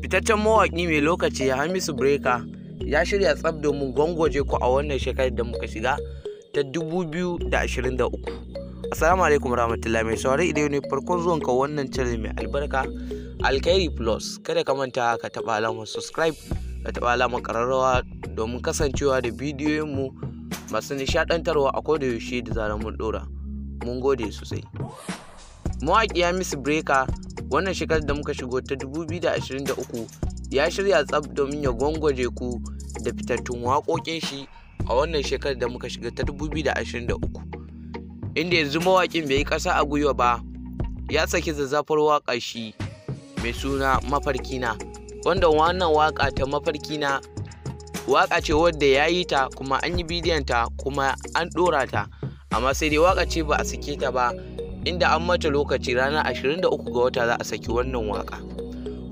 fitaccen mawaƙi mai lokaci hamisu breka ya shirya tsab domin gwangwaje ku a wannan shekarar da muka shiga ta 2023 assalamu alaikum rahmatullahi mai saurari idan ne farkon zuwan ka wannan channel mai albarka Alkairi plus kada ka manta ka taba alamar subscribe ka taba alamar kararrawa domin kasancewa da bidiyoyinmu masu nishadantarwa a yaushe da zarar mun dora mun gode sosai mawaƙi misu breka wannan shekarar da muka shigo ta 2023 ya shirya tsab domin ya gwangwaje ku da fitattun waƙoƙin shi a wannan shekarar da muka shiga ta 2023 inda yanzu mawaƙin bai yi ƙasa a gwiwa ba ya saki zazzafar waƙa shi mai suna mafarkina wanda wannan waƙa ta mafarkina waƙa ce wadda ya yi ta kuma an yi bidiyon ta kuma an ɗora ta amma sai dai waƙa ce ba a sake ta ba inda an mata lokaci ranar 23 ga wata za a saki wannan waka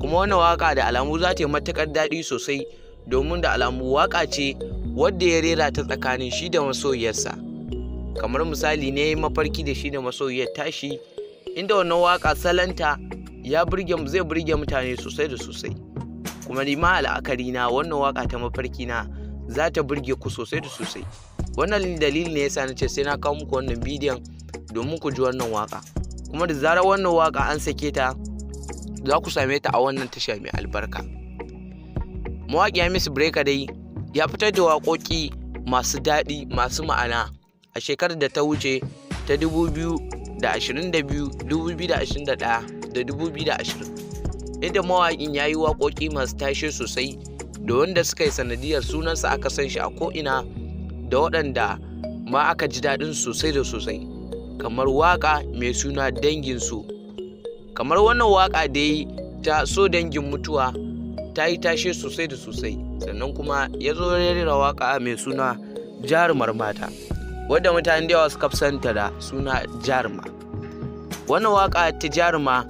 kuma wannan waka da alamu za ta yi matakar daɗi sosai domin da alamu waka ce wadda ya rera ta tsakanin shi da masoyiyarsa kamar misali ne mafarki da shi da masoyiyar tashi inda wannan waka salanta ya burge zai burge mutane sosai da sosai kuma ni ma al'akari na wannan waka ta mafarki na za ta burge ku sosai da sosai wannan dalili ne yasa na ce sai na kawo muku wannan bidiyon domin ku ji wannan waka kuma da zarar wannan waka an sake ta za ku same ta a wannan tasha mai albarka mawaƙiya miss breaker dai ya fitar da waƙoƙi masu daɗi masu ma'ana a shekarar da ta wuce ta 2022 2021 da 2020 inda mawaƙin ya yi waƙoƙi masu tashe sosai da wanda suka yi sanadiyar sunansa aka san shi a ko'ina da waɗanda ma aka ji daɗin sosai da sosai kamar waka mai suna danginsu kamar wannan waka da yi ta so dangin mutuwa ta yi tashe sosai da sosai sannan kuma ya zo rera waƙa mai suna jarumar mata wadda mutane da yawa suka fusanta da suna jaruma wannan waƙa ta jaruma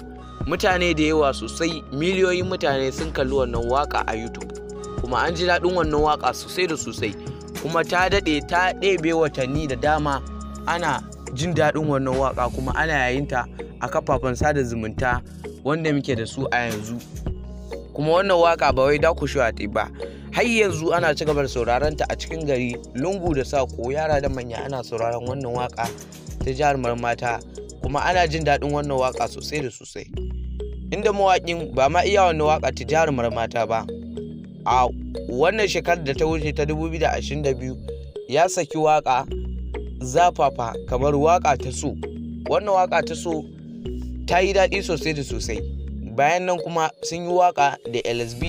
mutane da yawa sosai miliyoyin mutane sun kalli wannan waƙa a youtube kuma an ji daɗin wannan waka sosai da sosai kuma ta daɗe ta ɗebe watanni da dama ana jin daɗin wannan waƙa kuma ana yayinta a kafafen sada zumunta wanda muke da su a yanzu kuma wannan waƙa ba wai dakushewa ta ba har yanzu ana ci gaba da sauraron ta a cikin gari lungu da ko yara da manya ana sauraron wannan waƙa ta jihar marmata kuma ana jin daɗin wannan waƙa sosai da sosai inda mawaƙin ba ma iya wannan waƙa ta jihar marmata ba a wannan shekarar da ta wuce ta 2022 ya saki waƙa zafafa kamar waka ta so wannan waka ta so ta yi daɗi sosai da sosai bayan nan kuma sun yi waka da lsb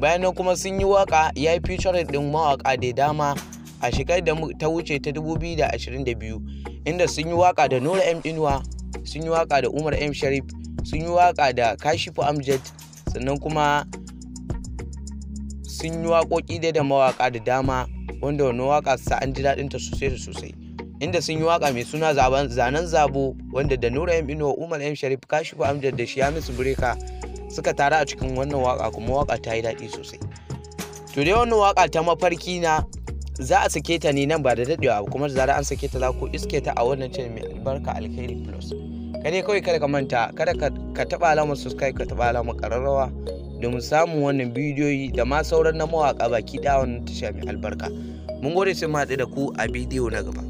bayan nan kuma sun yi waka ya yi featuring ɗin mawaƙa da dama a shekarar da ta wuce ta 2022 inda sun yi waka da nura m inuwa sun yi waka da umar m sharif sun yi waka da kashifu amjad sannan kuma sun yi waƙoƙi da mawaka mawaƙa da dama wanda wani waka sa an ji daɗinta sosai da sosai inda sun yi waka mai suna zanen zabo wanda da nura m inuwa umar m sharif kashifu amjad da shiyamis breka suka tara a cikin wannan waka kuma waka ta yi daɗi sosai to dai wannan waka ta mafarki na za a sake ta ne nan ba da daɗewa kuma zara an sake ta za ko iske ta a wannan channel mai albarka alkhairi plus ka ne kawai kada ka manta kada ka taɓa alamar subscribe ka taɓa alamar ƙararrawa domin samun wannan bidiyoyi da ma sauran na mawaƙa baki ɗaya wannan tasha mai albarka mun gode sai mu haɗu da ku a bidiyo na gaba